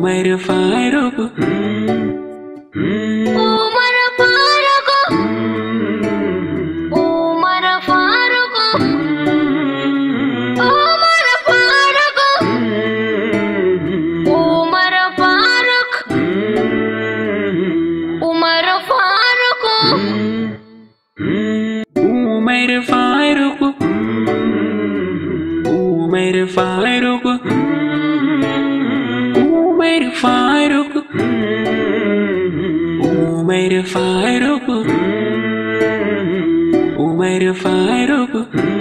made a fight over. Mm. I will fight over. Mm.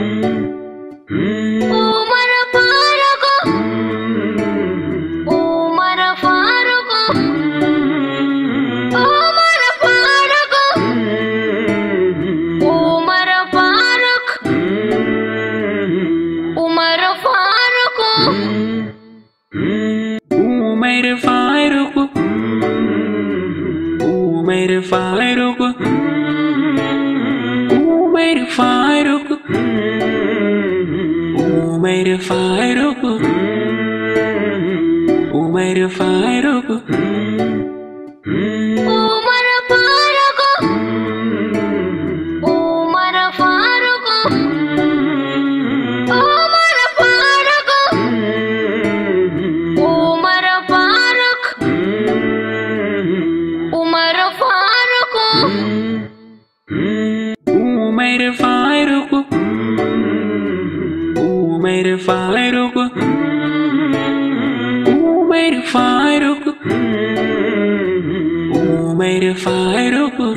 made a fight up. Who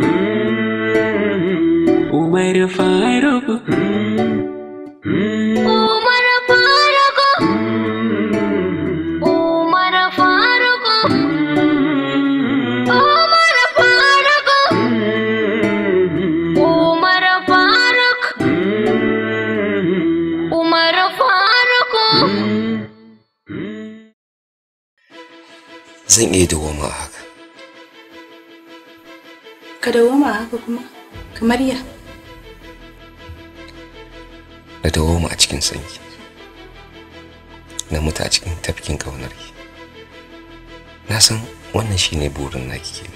made a fight up? zan iya dawoma a ka dawoma haka kuma kamar ya na dawoma a cikin sanyi na mutu a cikin tafkin ƙaunar ki na san wannan shine burin naki ke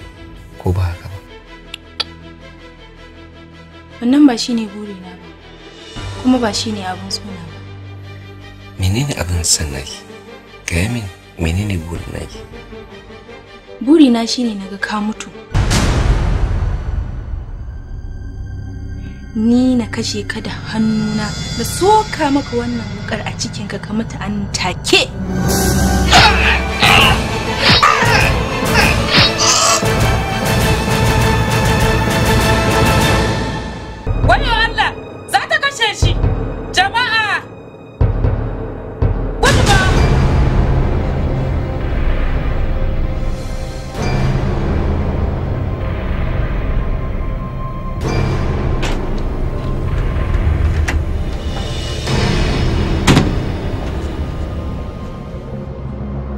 ko ba haka ba wannan ba shine burina ba kuma ba shine abin suna ba menene abin san naki Ga min menene burin naki burina shine naga ka mutu ni na kashe ka da hannuna na soka maka wannan wukar a cikinka ka mutu an take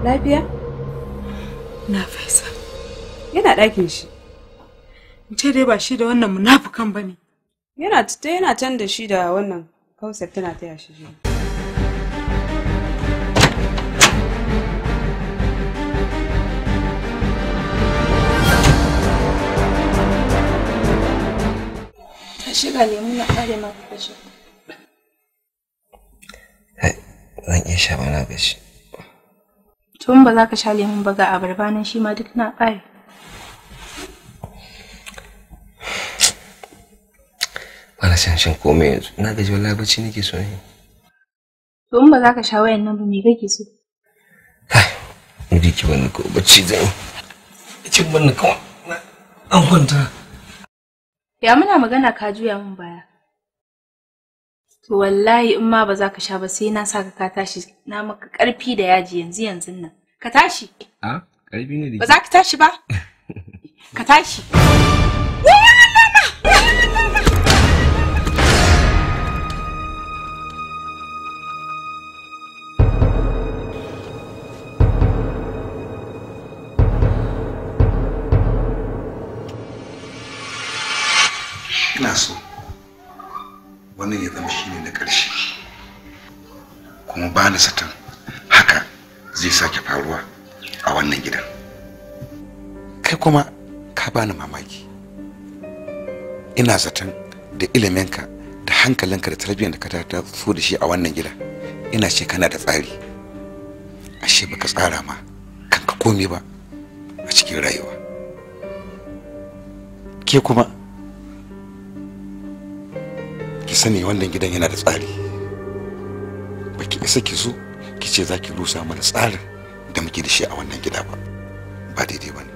Lafiya? Na faisa. Yana ɗakin shi. Ce dai ba shi da wannan munafukan ba ne. Yana ta yana can da shi da wannan kausar tana taya shi je. Ta shiga ne na ƙare maka gashi. Zan iya sha mana gashi. tun ba za ka sha lemun ba ga abarba nan shi ma duk na ɓare bana shan shan komai yanzu na gaji wala bacci nake so ne to in ba za ka sha wayan nan ba me kake so kai in ji ki wani ko bacci zan yi cin ban kawai an kwanta ya muna magana ka juya min baya to wallahi in ma ba za ka sha ba sai na saka ka tashi na maka karfi da yaji yanzu yanzu nan ka tashi a karfi ne ba za ka tashi ba ka tashi Ina so. wannan ya zama shine na ƙarshe kuma ba ni satan haka zai sake faruwa a wannan gidan kai kuma ka bani mamaki ina zaton da iliminka da hankalinka da tarbiyyar da ka ta so da shi a wannan gida ina ce kana da tsari ashe baka tsara ma kanka komi ba a cikin rayuwa ke kuma ki sani wannan gidan yana da tsari baki isa ki zo ki ce za ki rusa mana tsarin da muke da shi a wannan gida ba ba daidai ba ne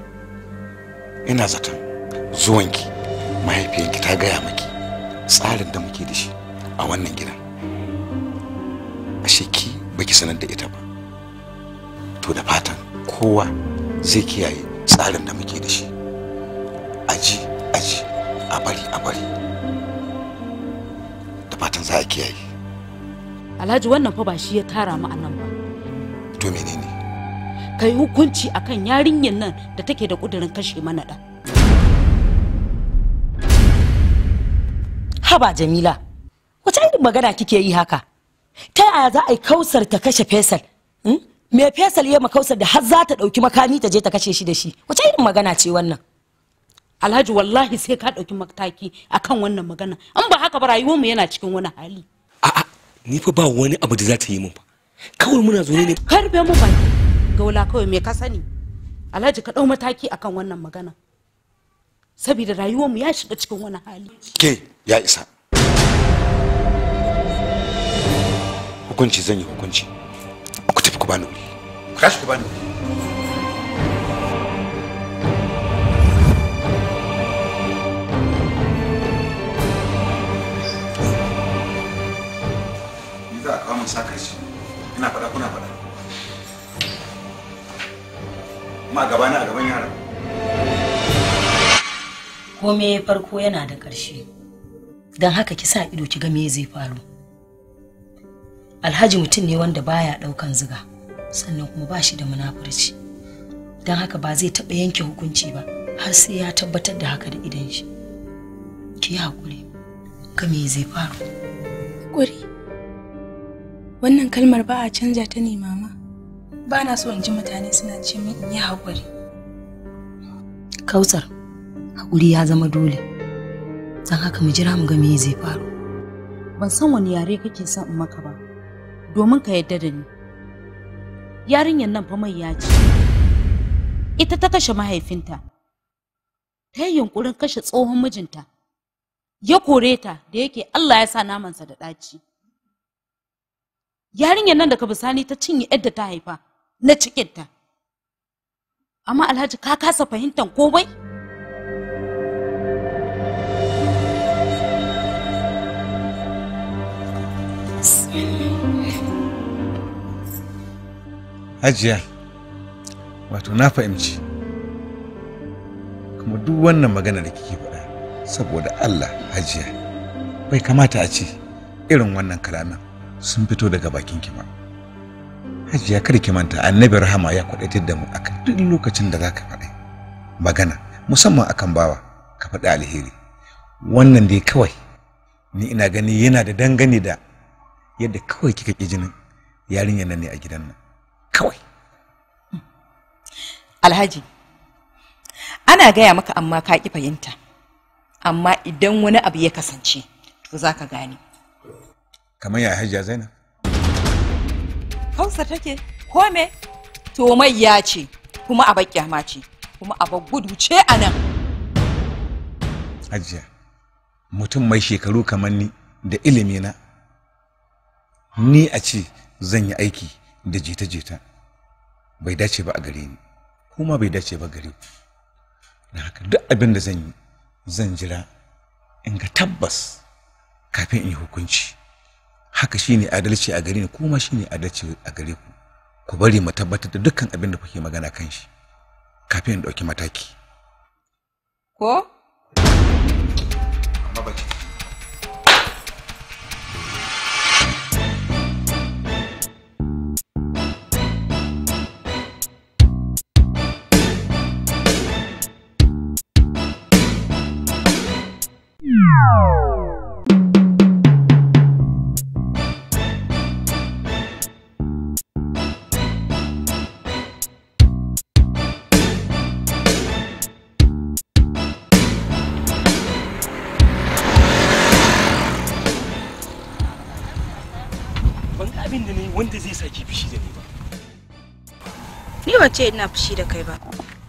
ina zaton zuwanki mahaifiyanki ta gaya maki tsarin da muke da shi a wannan gidan ashe ki baki sanar da ita ba to da fatan kowa zai kiyaye tsarin da muke da shi aji aji a bari a bari fatan za a kiyaye alhaji wannan fa ba shi ya tara mu anan ba to menene kai hukunci akan yarinyar nan da take da kudirin kashe mana da haba jamila wace irin magana kike yi haka ta yaya za a yi kausar ta kashe fesal hmm? me fesal ya ma kausar da har za ta ɗauki makami ta je ta kashe shi da shi wace irin magana ce wannan alhaji wallahi sai ka ɗauki mataki akan wannan magana in ba haka ba rayuwar mu yana cikin wani hali a'a ni fa ba wani abu da za ta yi min fa kawai muna zo ne karbe mu baki gaula kawai me ka sani alhaji ka ɗau mataki akan wannan magana saboda rayuwar mu ya shiga cikin wani hali ke ya isa hukunci zan yi hukunci ku tafi ku bani wuri ku tafi ku bani samun sakarci ina faɗa kuna faɗa kuma a gabana a gaban yara kome farko yana da ƙarshe don haka ki sa ido ki ga me zai faru alhaji mutum ne wanda baya ɗaukan ziga sannan kuma ba shi da munafurci don haka ba zai taɓa yanke hukunci ba har sai ya tabbatar da haka da idan shi ki yi haƙuri ga zai faru guri. Wannan kalmar ba a canja ta ne mama. Ba na so in ji mutane suna ce min in yi haƙuri. Kausar haƙuri ya zama dole. Don haka mu jira mu ga me zai faru. Ban san wani yare kake son in maka ba, domin ka yarda da ni. Yarinyar nan fa mai yaci. Ita ta kashe mahaifinta. Ta yi yunƙurin kashe tsohon mijinta. Ya kore ta da yake Allah ya sa namansa da ɗaci. yarinyar nan da ka bisani ta cinye yadda ta haifa na cikinta amma alhaji ka kasa fahimtar komai hajiya wato na fahimci kuma duk wannan magana da kike faɗa saboda allah hajiya bai kamata a ce irin wannan kalamin sun fito daga bakin ki hajiya kar ki manta annabi rahama ya kwadaitar da mu a duk lokacin da zaka faɗi magana musamman akan bawa ka faɗi alheri wannan dai kawai ni ina gani yana da dangane da yadda kawai kika ki jinin yarinyar nan ne a gidan nan kawai alhaji ana gaya maka amma ka ki fahimta amma idan wani abu ya kasance to za ka gane kamar ya hajiya zainab hausa take ko me to mai ya ce kuma a kyama ce kuma a gudu ce a nan hajiya mutum mai shekaru kamar ni da ilimi na ni a ce zan yi aiki da jita-jita bai dace ba a gare ni kuma bai dace ba gare da haka duk abin da zan yi zan jira in ga tabbas kafin in yi hukunci haka shine adalci a gare ni kuma shine adalci a gare ku ku bari mu tabbatar da dukkan abin da kuke magana kan shi kafin in ɗauki mataki ko ce ina fushi da kai ba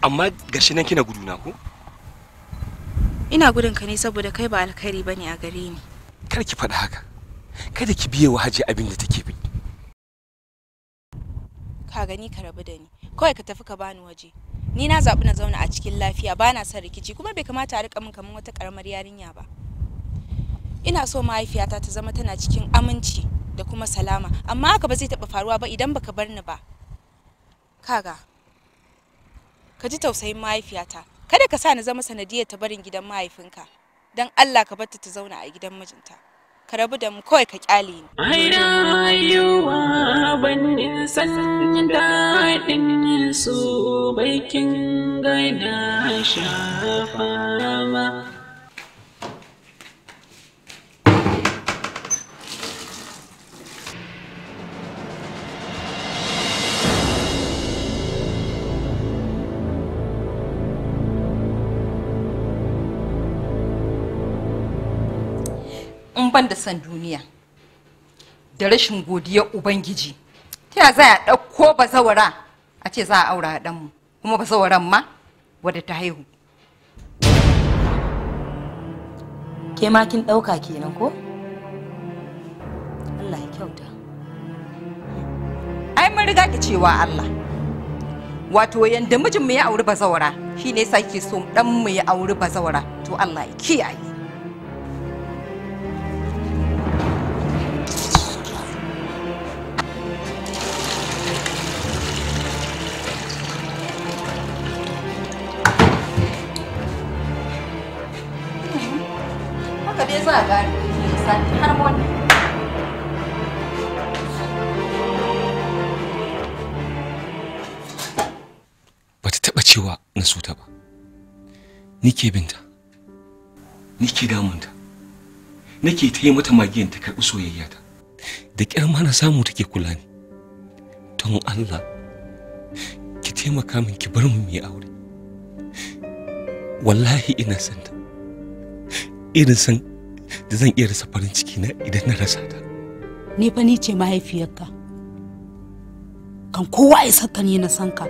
amma gashi nan kina gudu na ko ina gudun ka ne saboda kai ba alkhairi bane a gare ni kar ki faɗa haka kada ki biye wa haji abin da take bi ka gani ka rabu da ni kawai ka tafi ka bani waje ni na zaɓi na zauna a cikin lafiya ba na son rikici kuma bai kamata a rika min kamar wata ƙaramar yarinya ba ina so mahaifiyata ta zama tana cikin aminci da kuma salama amma haka ba zai taɓa faruwa ba idan baka bar ni ba kaga ka ji tausayin mahaifiyata kada ka sa ni zama sanadiyar ta barin gidan mahaifinka dan allah ka bar ta ta zauna a gidan mijinta ka rabu da mu kawai ka kyale ni. Ai rayuwa ban san daɗin su baikin gana shafa ma. ban da san duniya da rashin godiyar ubangiji ta ya za a ɗauko bazawara a ce za a aura a ɗanmu kuma bazawaran ma wadda ta haihu ke ma kin ɗauka kenan ko Allah ya kyauta ai mun riga ki cewa Allah wato yanda mijinmu ya auri bazawara ne yasa kike so ɗanmu ya auri bazawara to Allah ya kiyaye za gari har Ba ta taɓa cewa na so ta ba. Ni binta, ni damunta, nake ta yi mata magiyan ta karɓi soyayyata. Da ƙyar ma na samu take kula ni. Don Allah, ki taimaka min ki bar mu mu aure. Wallahi ina santa. Irin san da zan iya rasa farin ciki na idan na rasa ta ni fa ni ce mahaifiyarka kan kowa ya saka ni na san ka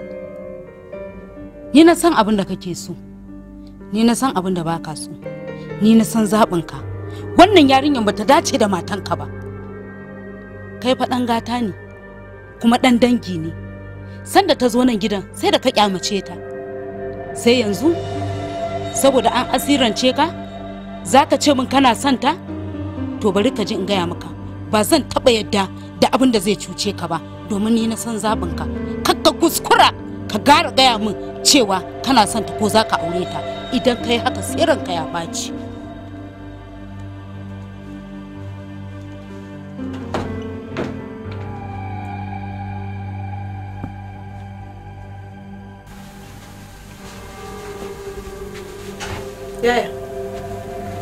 ni na san abin da kake so ni na san abin da baka so ni na san zaɓin ka wannan yarinyar bata dace da matanka ba kai fa ɗan gata ne kuma ɗan dangi ne sanda ta zo nan gidan sai da ka kyamace ta sai yanzu saboda an asirance ka zaka ce min kana son ta to bari ka ji in gaya maka ba zan taɓa yadda da abin da zai cuce ka ba domin ni na san zaɓin ka ka kuskura ka gara gaya min cewa kana son ta ko zaka aure ta idan ka haka tseren ka ya ɓaci.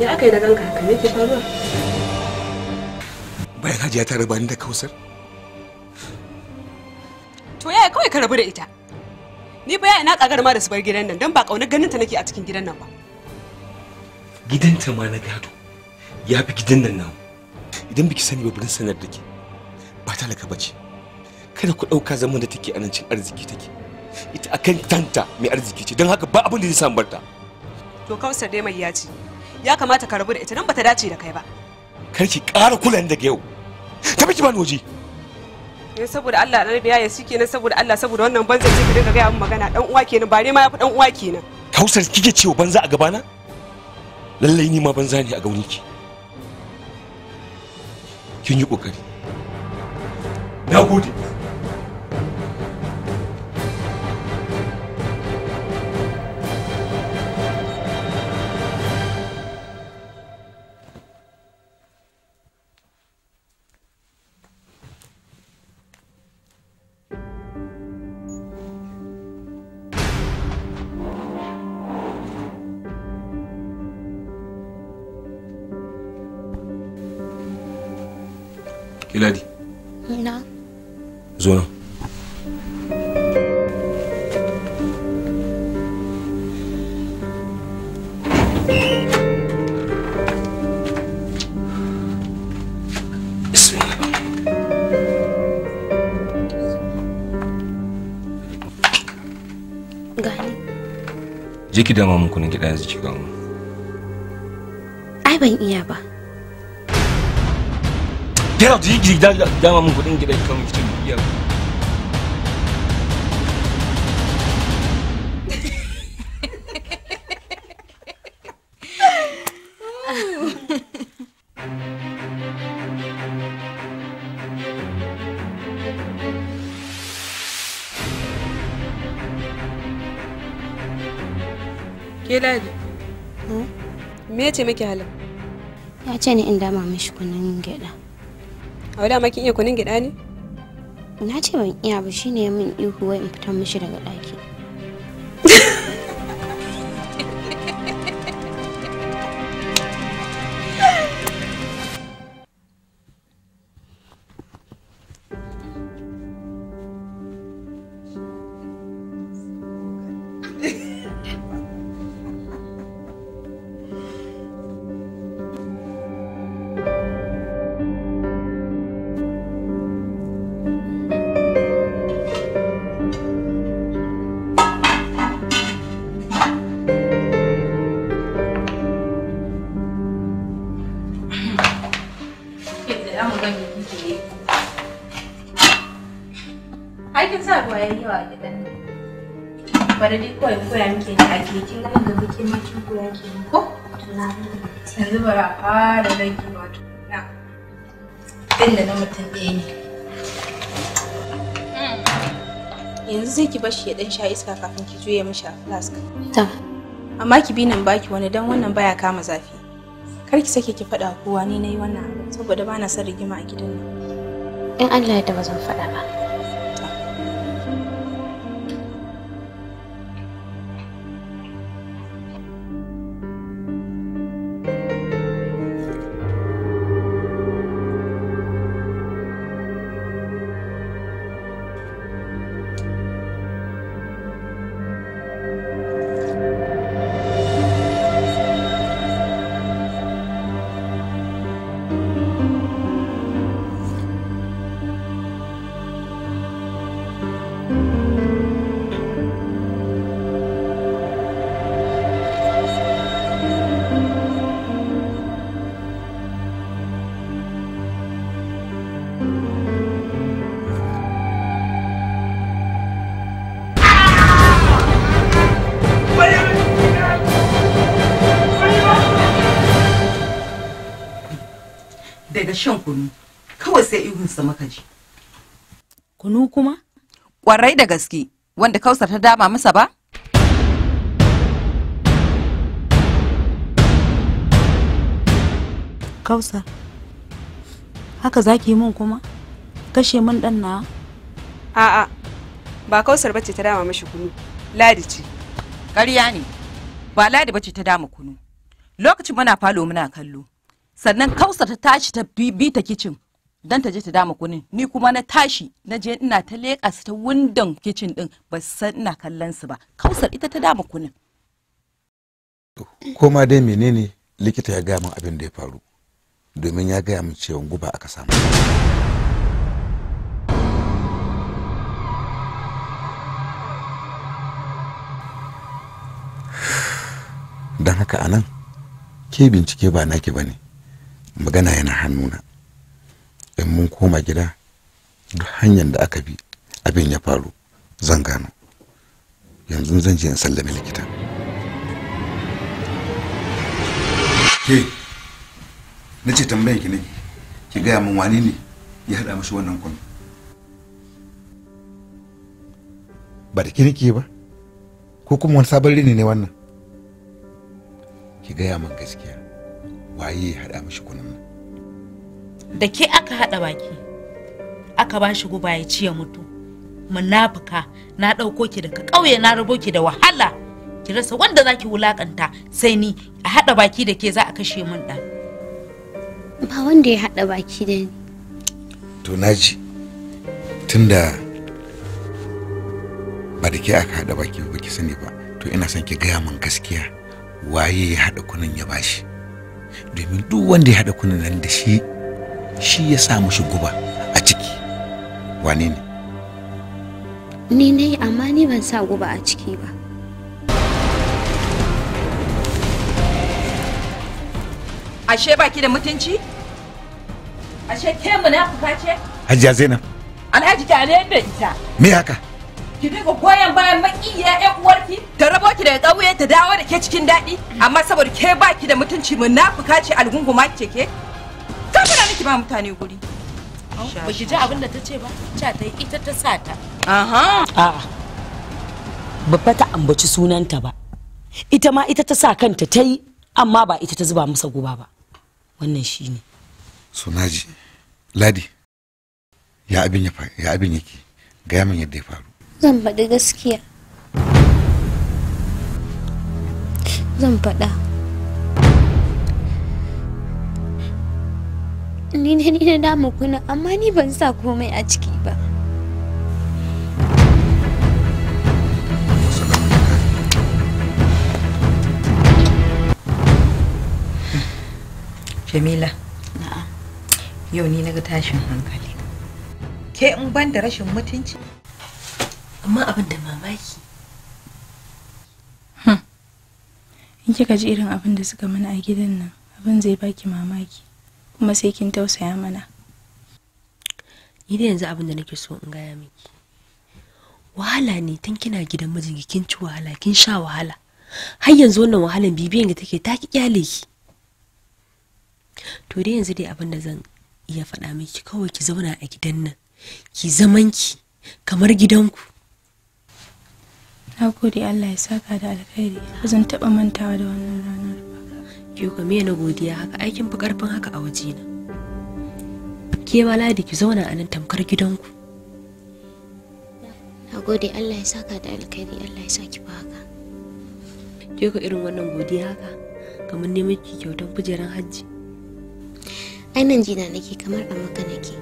Ya aka yi da ganka ka me ke faruwa? Bayan Hajiya ta raba ni da Kausar. To yaya kawai ka rabu da ita? Ni ba ina kagar ma da su bar gidan nan don ba ƙaunar ganin ta nake a cikin gidan nan ba. gidan ta ma na gado. Ya fi gidan nan nan. Idan biki sani ba burin sanar da ke. Ba laka bace. Kada ku ɗauka zaman da take a nan cin arziki take. ita akan tanta mai arziki ce don haka ba abin da zai samu barta to kausar dai mai ya ce ya kamata ka rabu da ita don bata dace da kai ba kar ki ƙara kulan daga yau ta miki bani waje ne saboda Allah na biya ya sike ne saboda Allah saboda wannan banza ce ka dinga gaya mun magana dan uwa kenan ba ma yafi dan uwa kenan Hausar kike cewa banza a gabana lallai ni ma banza ne a gauni ki kin yi kokari na gode jiki ki dama mun kunun gida yanzu ki kawo ai ban iya ba get out da dama mun kunun gida ki kawo ki ce iya ba Ke Ya ce ni in dama mishi kunun iya kunun gyaɗa ne? Na ce ban iya ba shine min ihu wai in fita mishi daga bari duk kawai koya muke da ake kin ga da muke ma kin koya ke ko yanzu bari a fara rage wato na inda na mutum ɗaya ne yanzu sai ki bashi ya dan sha iska kafin ki juye mishi a flask amma ki bi nan baki wani dan wannan baya kama zafi kar ki sake ki faɗa kowa ni yi wannan saboda bana son rigima a gidan nan in Allah ya da zan faɗa ba da shan kunu kawai sai ihunsa maka ji kunu kuma kwarai da gaske wanda kausar ta dama masa ba kausar haka zaki mun kuma kashe mun dan na a'a ba kausar bace ta dama mashi kunu ladi ce ƙarya ne ba ladi bace ta dama kunu lokacin muna falo muna kallo sannan kausa ta tashi ta bi ta kicin dan ta je ta dama kunin ni kuma na tashi na je ina ta leƙa su ta windon kicin din ba san ina kallon su ba kausar ita ta dama kunin koma dai menene likita ya gaya min abin da ya faru domin ya gaya min cewa guba aka samu don haka anan ke bincike ba naki ba magana yana hannuna in mun koma gida duk hanyar da aka bi abin ya faru zan gano yanzu zan je in sallame likita ke na ce tambayar ki ne ki gaya min wani ne ya haɗa mashi wannan kwan ba da ki ke ba ko kuma wani sabon rini ne wannan ki gaya min gaskiya waye ya haɗa mishi kunun da ke aka haɗa baki aka ba shi guba ya ci ya mutu munafuka na ɗauko ki daga ƙauye na rabo ki da wahala ki rasa wanda za ki wulakanta sai ni a haɗa baki da ke za a kashe min ɗan. ba wanda ya haɗa baki da ni to naji tunda ba da ke aka haɗa baki ba ki sani ba to ina son ki gaya min gaskiya waye ya haɗa kunun ya bashi domin duk wanda ya haɗa kunan nan da shi shi ya sa mushi guba a ciki wane ne ni ne amma ni ban sa guba a ciki ba ashe baki da mutunci ashe ke munafuka ce hajiya zainab alhaji ne da ita me haka ki dinga goyon bayan makiya ƴan uwarki ta rabo ki daga ƙauye ta dawo da ke cikin daɗi amma saboda ke ba ki da mutunci na fuka ce algunguma ce ke ta fara ki ba mutane guri ba ki ji abin da ta ce ba ta ta ita ta sa ta aha a'a ba ta ambaci sunanta ba ita ma ita ta sa kanta ta yi amma ba ita ta zuba masa guba ba wannan shine sunaji ladi ya abin ya ya abin yake ga yamin yadda ya faru zan faɗi gaskiya zan faɗa ni ne ni na damu kuna amma ni ban sa komai a ciki ba jamila yau ni na ga tashin hankali ke in ban da rashin mutunci amma abin da mamaki hmm. in kika ji irin abin da suka mana a gidan nan abin zai baki mamaki kuma sai kin tausaya mana idan yanzu abin da nake so in gaya miki wahala ne tun kina gidan mijinki kin ci wahala kin sha wahala har yanzu wannan wahalan bibiyan da take ta ki kyale ki to dai yanzu dai abin da zan iya faɗa miki kawai ki zauna a gidan nan ki zaman ki kamar gidanku na gode Allah ya saka da alkhairi ba zan taɓa mantawa da wannan ranar ba ki ga me na godiya haka aikin fi karfin haka a waje na ke ma ladi ki zauna a nan tamkar gidanku na gode Allah ya saka da alkhairi Allah ya saki ba haka ke ga irin wannan godiya haka kamar neman ki kyautar kujeran hajji ai nan jina nake kamar a maka nake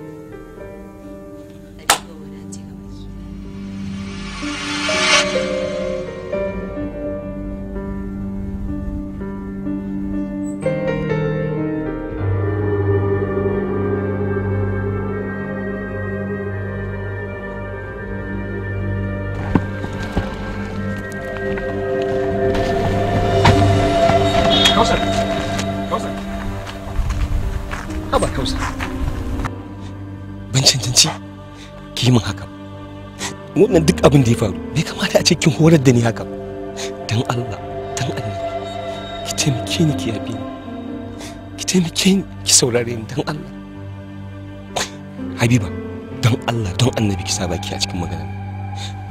thank you wannan duk abin da ya faru bai kamata a ce kin horar da ni haka dan Allah dan Allah ki taimake ni ki yafi ni ki taimake ni ki saurare ni dan Allah Habiba don Allah don annabi ki saba ki a cikin magana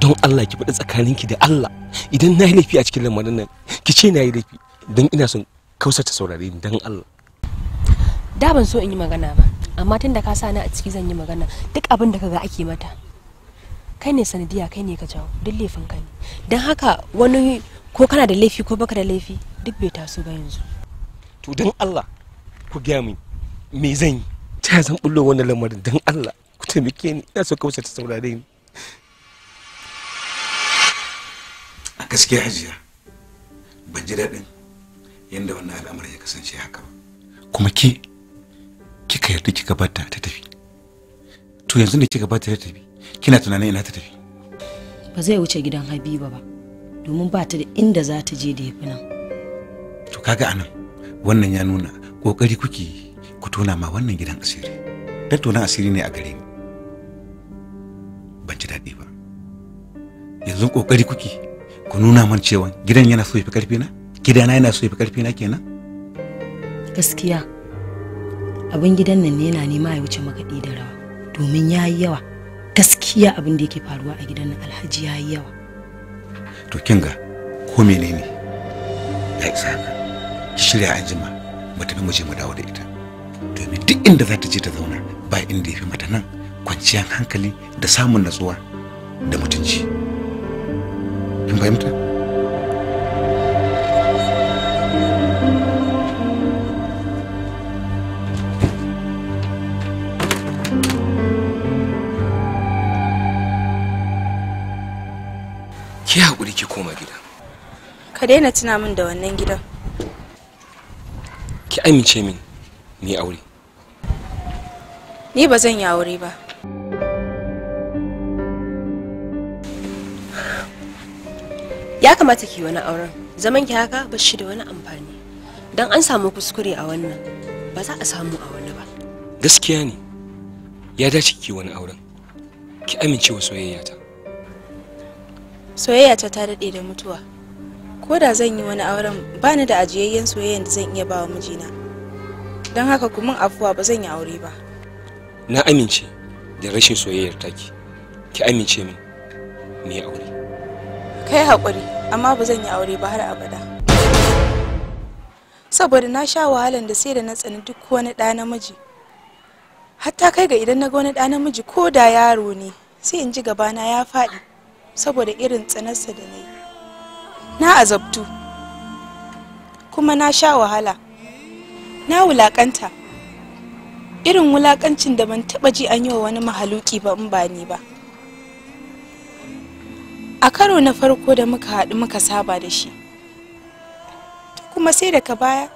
don Allah ki faɗi tsakaninki da Allah idan na yi laifi a cikin lamarin nan ki ce na yi laifi don ina son kausar ta saurare ni dan Allah da ban so in yi magana ba amma tun da ka sa ni a ciki zan yi magana duk abin da kaga ake mata kai ne sanadiya kai ne ka jawo duk laifin ka ne don haka wani ko kana da laifi ko baka da laifi duk bai taso ba yanzu to don Allah ku gaya min me zan yi ta zan bullo wannan lamarin don Allah ku taimake ni ina so kawai ta saurare ni a gaskiya hajiya ban ji daɗin yadda wannan al'amari ya kasance haka ba kuma ke kika yarda kika bata ta tafi to yanzu ne kika bata ta tafi kina tunanin ina ta tafi ba zai wuce gidan habiba ba domin ba ta da inda za ta je da yafi nan to kaga anan wannan ya nuna kokari kuke ku tona ma wannan gidan asiri tattaunan asiri ne a gare ni ban ji daɗi ba yanzu kokari kuke ku nuna man cewa gidan yana so ya fi karfi na gidana yana so ya fi karfi na kenan gaskiya abin gidan nan ne yana nema ya wuce makaɗi da rawa domin ya yi yawa gaskiya abin da yake faruwa a gidan alhaji ya yi yawa to kinga ko menene ya isa ka shirya anjima jima mu mu mu dawo da ita domin duk inda za ta je ta zauna ba inda ya fi mata nan kwanciyar hankali da samun natsuwa da mutunci in fahimta ki haƙuri ki koma gida ka daina tuna min da wannan gidan ki amince min ni aure ni ba zan yi aure ba ya kamata ki wani auren zaman ki haka ba shi da wani amfani dan an samu kuskure a wannan ba za a samu a wani ba gaskiya ne ya dace ki wani auren ki amince wa soyayyata soyayya ta ta daɗe da mutuwa ko da zan yi wani auren ba ni da ajiyayyen soyayyan da zan iya ba wa mijina don haka kuma afuwa ba zan yi aure ba na amince da rashin soyayyar taki ki amince min ni aure kai haƙuri amma ba zan yi aure ba har abada saboda na sha wahalan da sai da na tsani duk wani ɗa namiji hatta kai ga idan na ga wani ɗa namiji ko da yaro ne sai in ji gabana ya faɗi saboda irin tsanarsa da na na azabtu kuma na sha wahala na wulakanta irin wulakancin da ban taba ji an yi wa wani mahaluki ba in ba ni ba a karo na farko da muka haɗu muka saba da shi kuma sai daga baya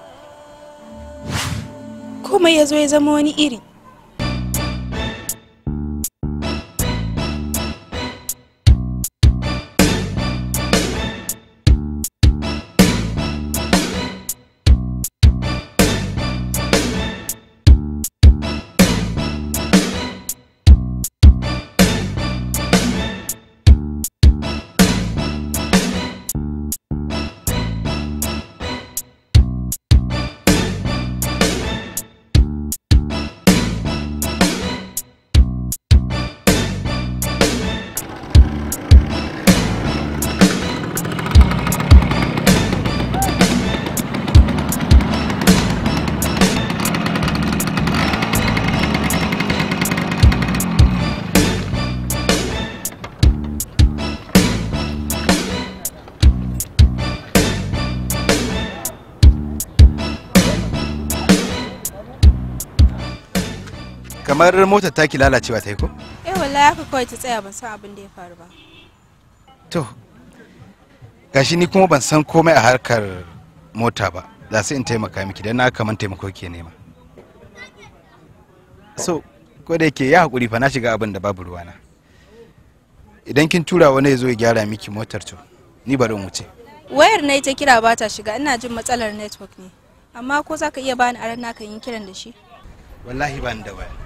komai ya zo ya zama wani iri kamar motar taki lalacewa ta yi ko? eh wallahi haka kawai ta tsaya ban san abin da ya faru ba to gashi ni kuma ban san komai a harkar mota ba za su in taimaka miki dan na kaman taimako ke nema so ko da yake ya hakuri fa na shiga abin da babu ruwana idan kin tura wani ya zo ya gyara miki motar to ni bari in wuce wayar na ita kira ba ta shiga ina jin matsalar network ne amma ko za ka iya bani aran naka yin kiran da shi wallahi ban da waya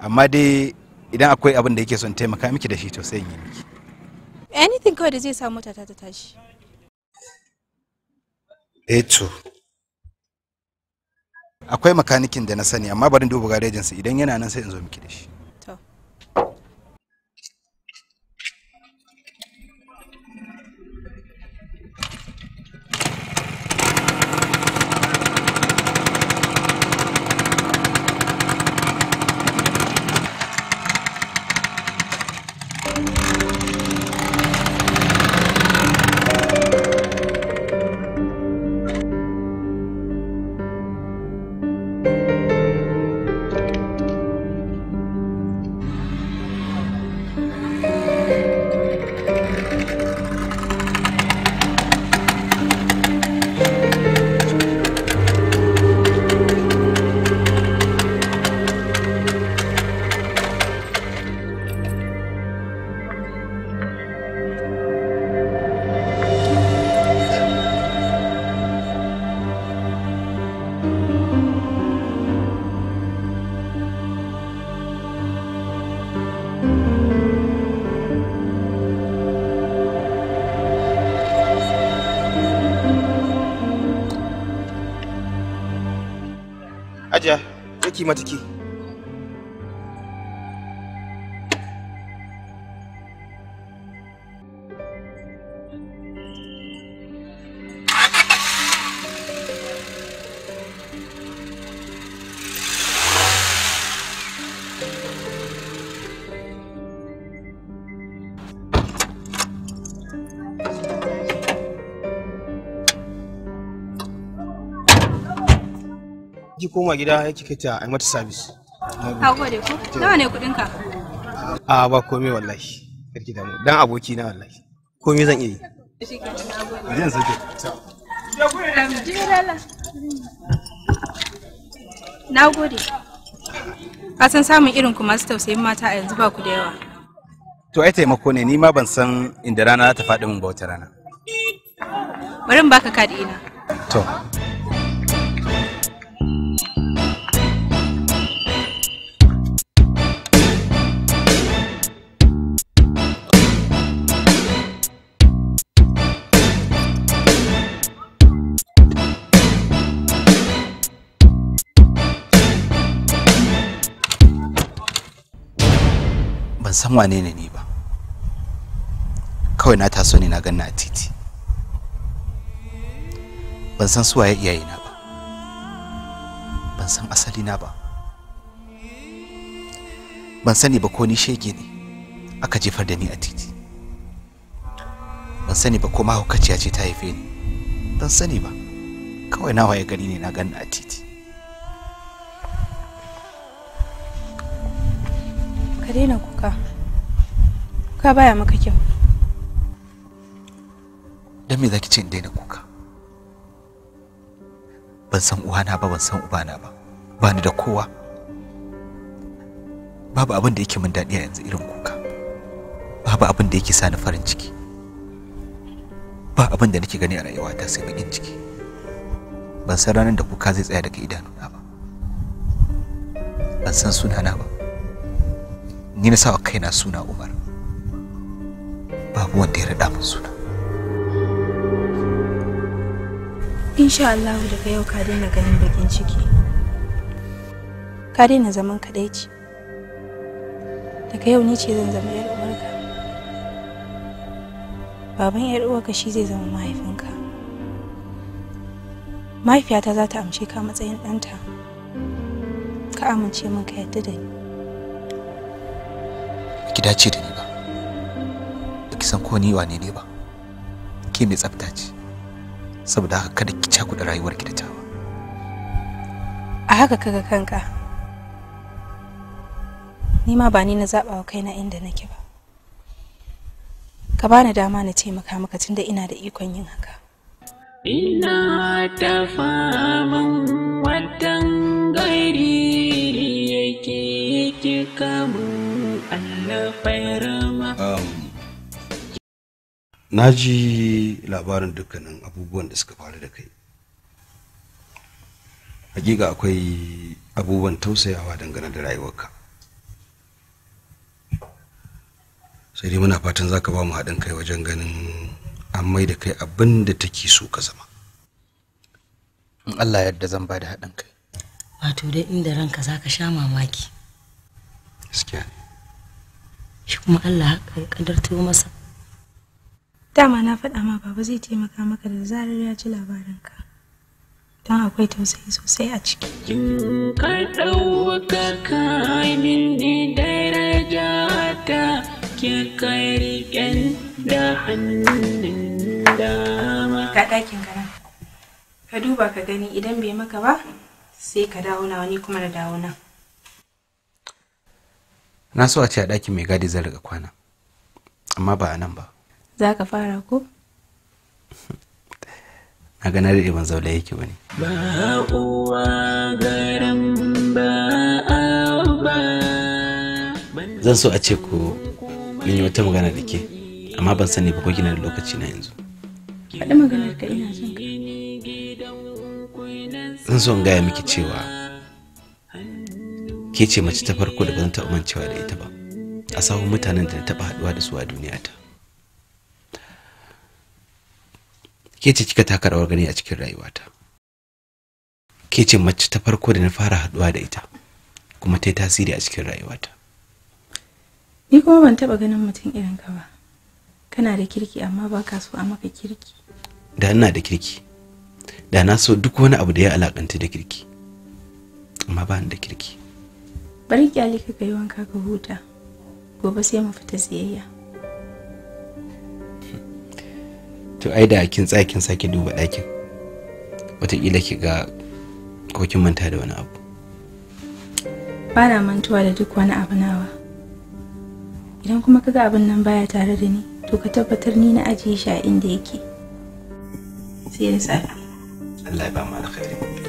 amma dai idan akwai abin da yake son taimaka miki da shi to sai in yi anything kawai da zai sa mota ta tashi eh akwai makanikin da na sani amma bari duba garejinsa idan yana nan sai in zo miki da shi saki mata koma gida ya kai ta a mata service ka gode ko nawa ne kudin ka a ba komai wallahi karki dan aboki na wallahi komai zan iya yi zan sake na gode a san samun irin ku masu tausayin mata a yanzu ba ku da yawa to ai taimako ne ni ma ban san inda rana ta faɗi min ba wata rana bari in baka kaɗi ina to san wane ne ni ba kawai na taso ne na ganna a titi ban san suwaye iyayena ba ban san asali na ba ban sani ba ko ni shege ne aka jefar da ni a titi ban sani ba ko mahaukaciya ce ta haife ni ban sani ba kawai na waye gari ne na ganna a titi ka daina kuka kuka baya maka kyau don me za ki ce in daina kuka ban san uwana ba ban san ubana ba ba ni da kowa babu abin da yake min daɗi a yanzu irin kuka babu abin da yake sa ni farin ciki ba abin da nake gani a rayuwata sai bakin ciki ban san ranar da kuka zai tsaya daga idanuna ba ban san sunana ba ni na sawa kaina suna Umar babu wanda ya rada min suna insha Allah daga yau ka daina ganin bakin ciki ka daina zaman ce. daga yau ni ce zan zama yar uwarka baban yar uwarka shi zai zama mahaifinka mahaifiyata za ta amshe ka matsayin ɗanta ka amince min ka yadda da ni ki dace da ni ba baki san ko ni wane ne ba ke mai tsafta ce saboda haka kada ki cakuɗa ki da tawa a haka kaga kanka ni ma ba ni na zaɓa wa kaina inda nake ba ka bani dama na taimaka maka tunda ina da ikon yin haka ina ta faman watan gari yake kika mu Um, na ji labarin dukkanin abubuwan da suka faru da kai hakika akwai abubuwan tausayawa dangane da rayuwarka sai dai muna fatan za ka ba mu haɗin kai wajen ganin an mai da kai abin da take so ka zama in allah yadda zan ba da haɗin kai wato dai inda ranka za ka sha mamaki shi kuma Allah haka ya kadarta masa dama na faɗa ma baba zai taimaka maka da zarar ya ji labarinka don akwai tausayi sosai a ciki in ka ka ɗakin gara ka duba ka gani idan bai maka ba sai ka dawo na wani kuma da dawo na na so a ce a ɗakin mai gadi zan riga kwana amma ba a nan ba za ka fara ko na na da ban zaula yake wani ba uwa garin ba zan so a ce ku in yi wata magana da ke amma ban sani ba ko kina da lokaci na yanzu faɗi maganar ka ina son ka zan so in gaya miki cewa ke ce mace ta farko da ban taɓa mancewa da ita ba a sahun mutanen da na taɓa haɗuwa da su a duniya ta ke ce kika taka rawar gani a cikin rayuwata ke ce mace ta farko da na fara haɗuwa da ita kuma ta yi tasiri a cikin rayuwata ni kuma ban taɓa ganin mutum irin ka ba kana da kirki amma ba ka so a maka kirki da ina da kirki da na so duk wani abu da ya alakanta da kirki amma ba ni da kirki bari kyali ka kai wanka ka huta gobe sai mu fita siyayya to ai da kin tsakin sake duba ɗakin wataƙila ki ga ko kin manta da wani abu ba na mantuwa da duk wani abu nawa idan kuma kaga abin nan baya tare da ni to ka tabbatar ni na ajiye shi a inda yake sai da safe Allah ya ba mu alkhairi